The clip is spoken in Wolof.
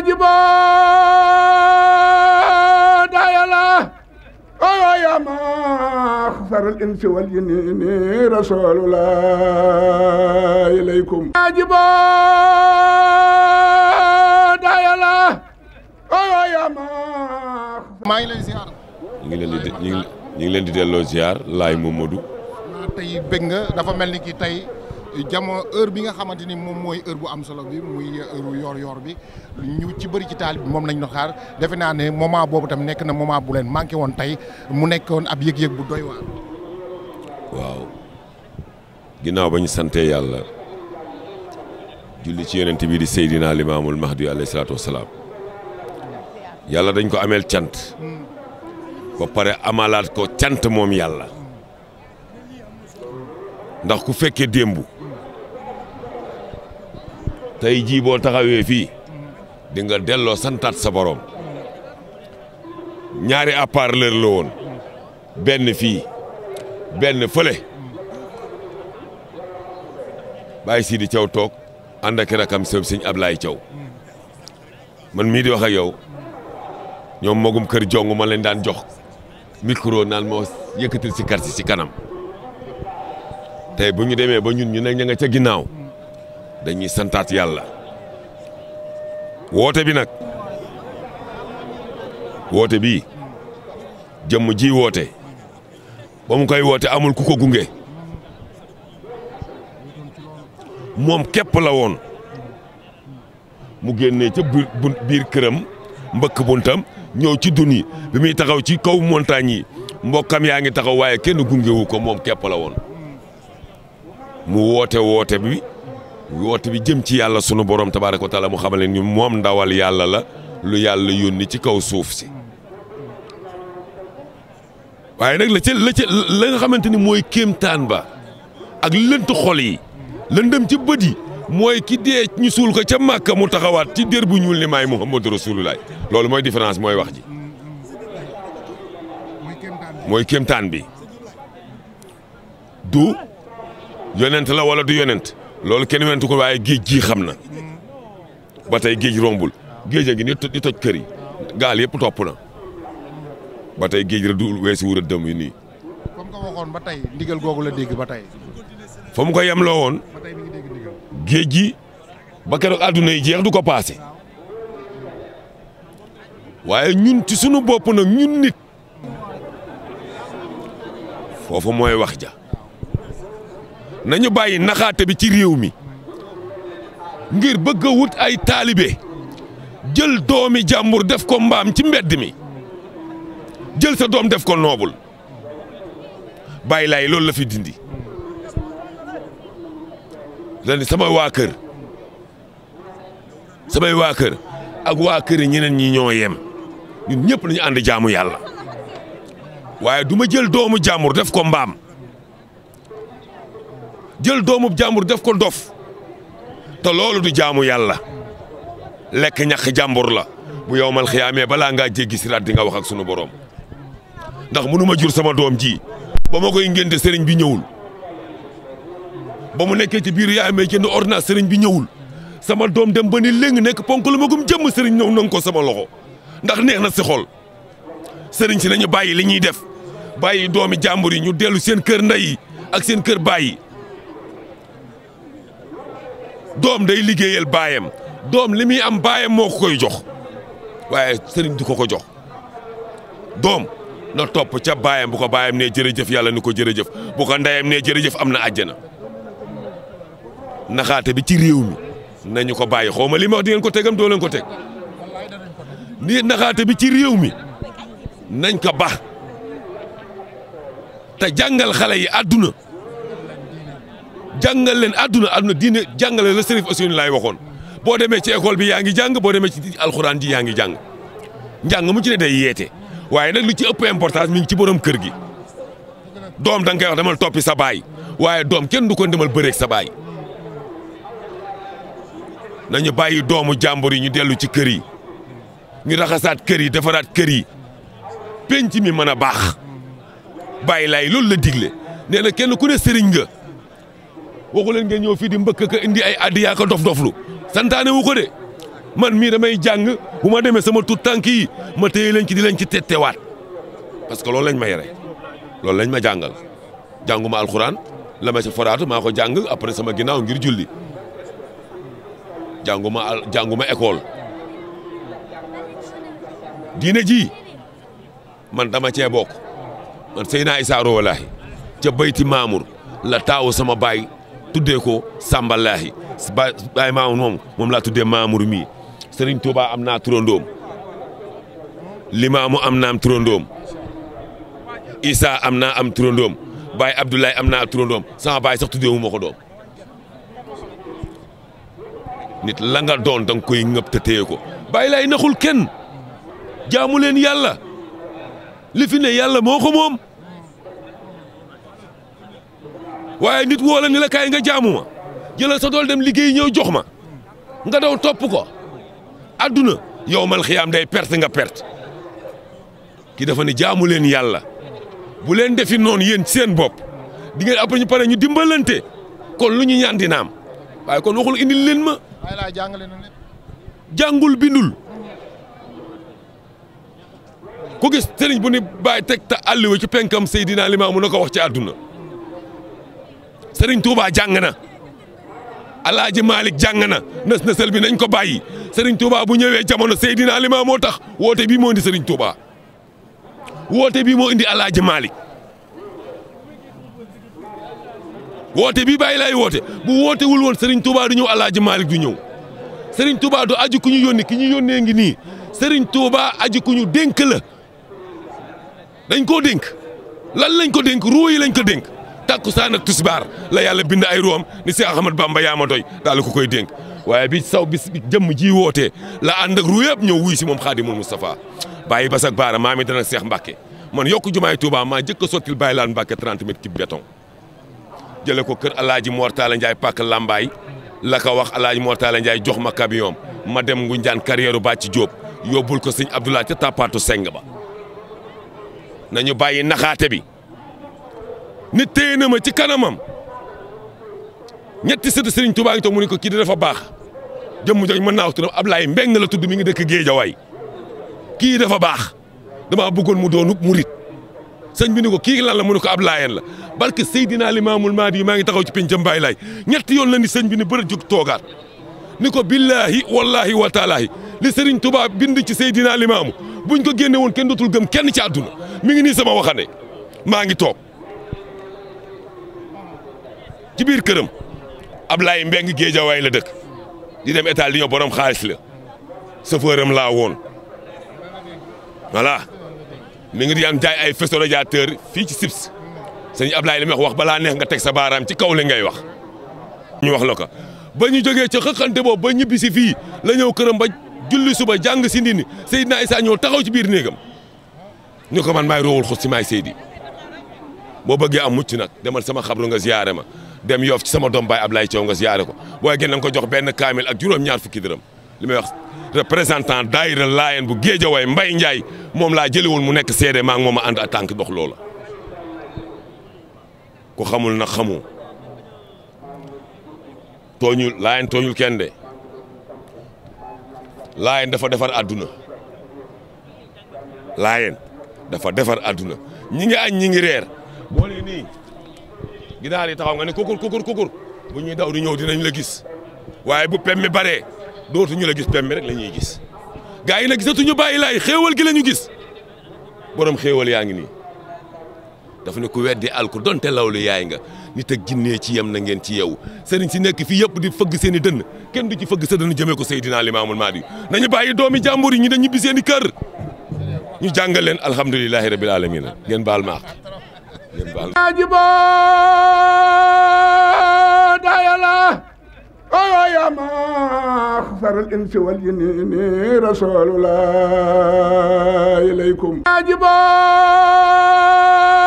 واجبا دايلا ويا ما خسر الانس والجنين رسول الله اليكم واجبا دايلا ويا ما maa ngi lay ziar. ñu ngi leen di ñu leen di delloo ziar laay Momadou. tey bëgg nga dafa mel ni kii tey. jamono heure bi nga xamante ni moom mooy heure bu am solo bi muy heure yoor yor bi ñu ci bari ci taal bi moom lañ doon xaar defe naa ne moment boobu tam nekk na moment bu leen manqué woon tey mu nekkoon ab yëg-yëg bu doy waar. waaw ginnaaw ba ñu santee yàlla julli ci yonent bii di Seydina Limaamul Mahdi alayhi salaatu wasalaam yàlla dañ ko ameel cant ba pare amalaat ko cant moom yàlla ndax ku fekkee démb tey jii boo taxawee fii di delloo santaat sa borom ñaari appareil la woon benn fii benn fële bàyyi Sidi Thiaw toog ànd ak rakam sëb sëñ Ablaye Thiaw man mii di wax ak yow ñoom magum kër jong ma leen daan jox micro naan moo yëkkatil si kar si si kanam tey bu ñu demee ba ñun ñu ne ña nga ca ginnaaw. dañuy santaat yàlla woote bi nag woote bi jëmm ji woote ba mu koy woote amul ku ko gunge moom képp la woon mu génnee ca biir këram mbëkk buntam ñëw ci dun yi bi muy taxaw ci kaw montagne yi mbokkam yaa ngi taxaw waaye kenn gungewu ko moom képp la woon mu woote woote bi woote bi jëm ci yàlla sunu borom tabaaraka wa taala mu xamal leen ni moom ndawal yàlla la lu yàlla yónni ci kaw suuf si waaye nag la ca la ca nga xamante ni mooy kéemtaan ba ak lënt xol yi lëndëm ci bët yi mooy kii dee ñu suul ko ca Màkka mu taxawaat ci dér bu ñuul ni maay Muhammadu Rasulullah loolu mooy différence mooy wax ji mooy kéemtaan bi du yonent la wala du yonent loolu kenn wentu ko waaye géej gii xam na ba tey géej rombul géej a ngi ni di toj kër yi gaal yëpp topp na ba tey géej rek du weesu wu dëm yi nii. comme nga ba tey ndigal googu dégg ba tey. fa mu ko yemloo woon géej gi ba keroog àdduna yi jeex du ko paase waaye ñun ci sunu bopp nag ñun nit foofu mooy wax ja. nañu bàyyi naxaate bi ci réew mi ngir bëgg a wut ay taalibe jël doomi jàmbur def ko mbaam ci mbedd mi jël sa doom def ko noobul bàyyi laay loolu la fi dindi la sama waa kër samay waa kër ak waa kër ñeneen ñi ñoo yem ñun ñëpp nañu ànd jaamu yàlla waaye duma jël doomu jàmbur def ko mbaam jël doomu jàmbur def ko dof te loolu di jaamu yàlla lekk ñax jàmbur la bu yowmal xiyaamee balaa ngaa jéggi siraat di nga wax ak sunu boroom ndax mënuma ma jur sama doom ji ba ma koy ngénte sëriñ bi ñëwul ba mu nekkee ci biir yaay may jënd ordonnance sëriñ bi ñëwul sama doom dem ba ni léng nekk ponk lu magum jëmm sëriñ ñëw nang ko sama loxo ndax neex na si xol sëriñ si nañu bàyyi li ñuy def bàyyi doomi jàmbur yi ñu dellu seen kër ndey yi ak seen kër bàyyi doom day liggéeyal baayam doom li muy am baayam moo koy jox waaye sëriñ du ko ko jox doom na topp ca baayam bu ko baayam nee jërëjëf yàlla ni ko jërëjëf bu ko ndeyam ne jërëjëf am na àjjana naxaate bi ci réew mi nañu ko bàyyi xaw ma li ma ko tegam doo ko teg ni naxaate bi ci réew mi nañ ko baax te jàngal xale yi àdduna jàngal leen àdduna àdduna diine jàngale la Serif Ousseynou laay waxoon boo demee ci école bi yaa ngi jàng boo demee ci alxuraan ji yaa ngi jàng njàng mu ci ne day yeete waaye nag li ci ëpp importance mi ngi ci borom kër gi doom da nga koy wax demal toppi sa baay waaye doom kenn du ko demal bëreeg sa baay nañu bàyyi doomu jàmbur yi ñu dellu ci kër yi ñu raxasaat kër yi defaraat kër yi penc mi mën a baax bàyyi laay loolu la digle nee na kenn ku ne sëriñ nga. waxu leen ngeen ñëw fii di mbëkk ka indi ay addiya ka dof-doflu santaane wu ko de man mii damay jàng bu ma demee sama tut tànk yi ma téye leen ci di leen ci tettewaat parce que loolu lañ ma yere loolu lañ ma jàngal jànguma alxuraan lama ci si foraatu maa ko jàng après sama ginnaaw ngir julli jànguma al jànguma école diine ji man dama cee bokk man Seydina Issa Rouhou Lahi ca bayti Mamour la taawu sama baay tuddee ko Sambalaahi ba Baye moom moom laa tuddee Mamour mii Serigne Touba am naa turandoom Limaamu am naam turandoom Issa am naa am turandoom Baye Abdoulaye am naa turandoom sama baay sax tuddee wu ko doom nit la nga doon danga koy ŋëpp te téye ko naxul kenn jaamu leen yàlla li fi waaye nit woo la ni kaay nga jaamu jëlal sa dool dem liggéey ñëw jox ma nga daw topp ko adduna yow mal xiyaam day perte nga pert ki dafa ne jaamu leen yàlla bu leen defi noonu yéen seen bopp di ngeen ñu pare ñu dimbalante kon lu ñu ñaan waaye kon waxul indil leen ma. jàngul bindul ku gis sëriñ bu ni bàyyi teg ta àlliwa ci penkam sey Seydina Limaamu na ko wax ci àdduna sëriñ Touba jàng na Alaaji Malick jàng na nës nësal bi nañ ko bàyyi sëriñ Touba bu ñëwee jamono Seydina Limaamu moo tax woote bii moo indi Serigne Touba woote bii moo indi Alaaji Malick woote bii bàyyi laay woote bu wootewul woon Serigne Touba du ñëw Alaaji Malick du ñëw Serigne Touba du aju ku ñu ki ñu yónnee ngi nii sëriñ Touba aju ku ñu dénk la dañ koo dénk lan lañ ko dénk ruu yi lañ ko dénk. tàkkusaan ak tisbaar la yàlla bind ay ruwam ni Seex Ahmad Bamba yaa ma doy daal ko koy dénk waaye bi saw bis jëmm ji wootee la ànd ak ru ñëw wuy si moom Xaadimul Mustafa bàyyi ba ak baara maa mi dana Seex Mbàkke man yokk jumaay Touba maa njëkk a sottil bàyyi laan Mbàkke 30 mètres ci béton jële ko kër alaaji Mortala Ndiaye pàkk Lambaay la ko wax alaaji Mortala Ndiaye jox ma camion ma dem Ngunjaan carrière ba ci Jóob yóbbul ko sëñ Abdoulaye ca tàppaatu seng ni téye na ma ci kanamam ñetti sët Serigne Touba ngi toog mu ni ko kii dafa baax jëmm jooju mën naa wax turam Ablaye Mbeng la tudd mi ngi dëkk Géejawaay kii dafa baax damaa bëggoon mu doonu murit sëñ bi ni ko kii lan la mu ne ko ab laayeen la barke Seydina Limaamul Maadi yi maa ngi taxaw ci pencam Baay Laay ñetti yoon la ni sëñ bi ni bëri jóg toogaat ni ko billaahi wallaahi wa taalaahi li Serigne Touba bind ci Seydina Limaamu buñ ko génne woon kenn dootul gëm kenn ci àdduna mi ngi nii sama waxane maa ngi toog ci biir këram Ablaye Mbeng Géejawaay la dëkk di dem état li ñoo borom xaalis la chauffeuram laa woon voilà mi ngi di am jaay ay festo radiateur fii ci SIPS sëñ Ablaye li may wax balaa neex nga teg sa baaraam ci kaw li ngay wax ñu wax la ko ba ñu jógee ci xëqante boobu ba ñibbi si fii la ñëw këram ba julli suba jàng si ndini Seydina Issa ñëw taxaw ci biir néegam ñu ko man maay roowul xus si maay Seydi boo bëggee am mucc nag demal sama xabru nga ziyaare ma dem yoof ci sama doom baay Ablaye Thiaw nga siyaare ko booy gën ko jox benn kaamil ak juróom-ñaar fukki dërëm li may wax représentant daayira Laayeen bu Géejawaay Mbay Njaay moom laa jëliwul mu nekk seede maa ngi moom a ànd ak tànk dox loola ku xamul nag xamoo tooñul Laayeen tooñul kenn de Laayeen dafa defar àdduna Laayeen dafa defar àdduna ñi ngi añ ñi ngi reer ginaar yi taxaw nga ne kukur kukur kukur bu ñuy daw di ñëw dinañ la gis waaye bu pem mi baree dootuñu la gis pem mi rek la ñuy gis gaa yi nag gisatuñu bàyyi laay xéewal gi la ñu gis borom xéewal yaa ngi nii dafa ne ku weddi alku donte law lu yaay nga nit ak jinnee ci yem na ngeen ci yow sëriñ si nekk fii yëpp di fëgg seen i dënn kenn du ci fëgg sa dënn jëmee ko Seydina Limaamul Mahdi nañu bàyyi doomi jàmbur yi ñu dañ ñibbi seen i kër ñu jàngal leen alhamdulilahi rabil alamina ngeen baal maax ngeen baal كما خسر الإنس والجنين رسول الله إليكم أجبار